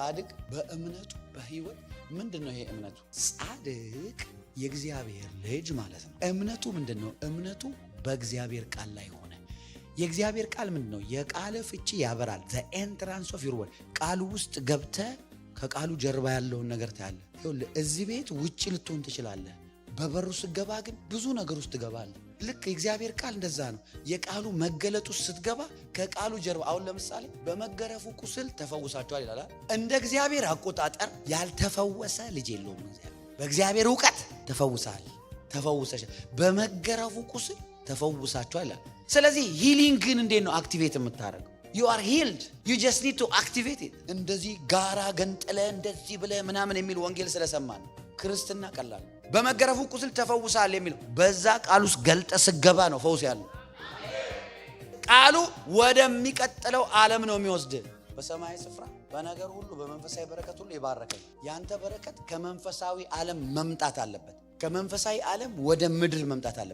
ጻድቅ በእምነቱ በህይወት ምንድን ነው? ይሄ እምነቱ ጻድቅ የእግዚአብሔር ልጅ ማለት ነው። እምነቱ ምንድን ነው? እምነቱ በእግዚአብሔር ቃል ላይ ሆነ። የእግዚአብሔር ቃል ምንድን ነው? የቃል ፍቺ ያበራል። ዘ ኤንትራንስ ኦፍ ዩር ወርድ ቃሉ ውስጥ ገብተ ከቃሉ ጀርባ ያለውን ነገር ታያለ። እዚህ ቤት ውጭ ልትሆን ትችላለህ በበሩ ስትገባ ግን ብዙ ነገር ውስጥ ትገባለ። ልክ የእግዚአብሔር ቃል እንደዛ ነው። የቃሉ መገለጡ ስትገባ ከቃሉ ጀርባ አሁን ለምሳሌ በመገረፉ ቁስል ተፈውሳቸዋል ይላል። እንደ እግዚአብሔር አቆጣጠር ያልተፈወሰ ልጅ የለውም። በእግዚአብሔር እውቀት ተፈውሳል፣ ተፈውሰሻል፣ በመገረፉ ቁስል ተፈውሳቸዋል ይላል። ስለዚህ ሂሊንግን እንዴት ነው አክቲቬት የምታደርገው? ዩ አር ሂልድ ዩ ጀስት ኒድ ቱ አክቲቬት ኢት። እንደዚህ ጋራ ገንጥለ እንደዚህ ብለ ምናምን የሚል ወንጌል ስለሰማን ክርስትና ቀላል በመገረፉ ቁስል ተፈውሳል የሚለው በዛ ቃል ውስጥ ገልጠ ስገባ ነው ፈውስ ያለው። ቃሉ ወደሚቀጥለው ዓለም ነው የሚወስድ። በሰማያዊ ስፍራ በነገር ሁሉ በመንፈሳዊ በረከት ሁሉ የባረከ ያንተ በረከት ከመንፈሳዊ ዓለም መምጣት አለበት። ከመንፈሳዊ ዓለም ወደ ምድር መምጣት አለበት።